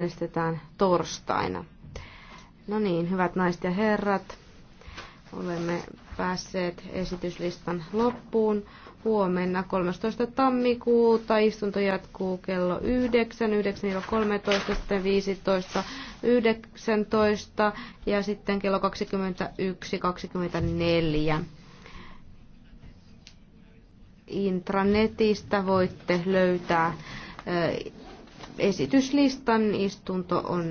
äänestetään torstaina. No niin, hyvät naiset ja herrat, olemme päässeet esityslistan loppuun. Huomenna 13. tammikuuta istunto jatkuu kello 9, 13, sitten 15, 19 ja sitten kello 21, 24. Intranetistä voitte löytää esityslistan istunto on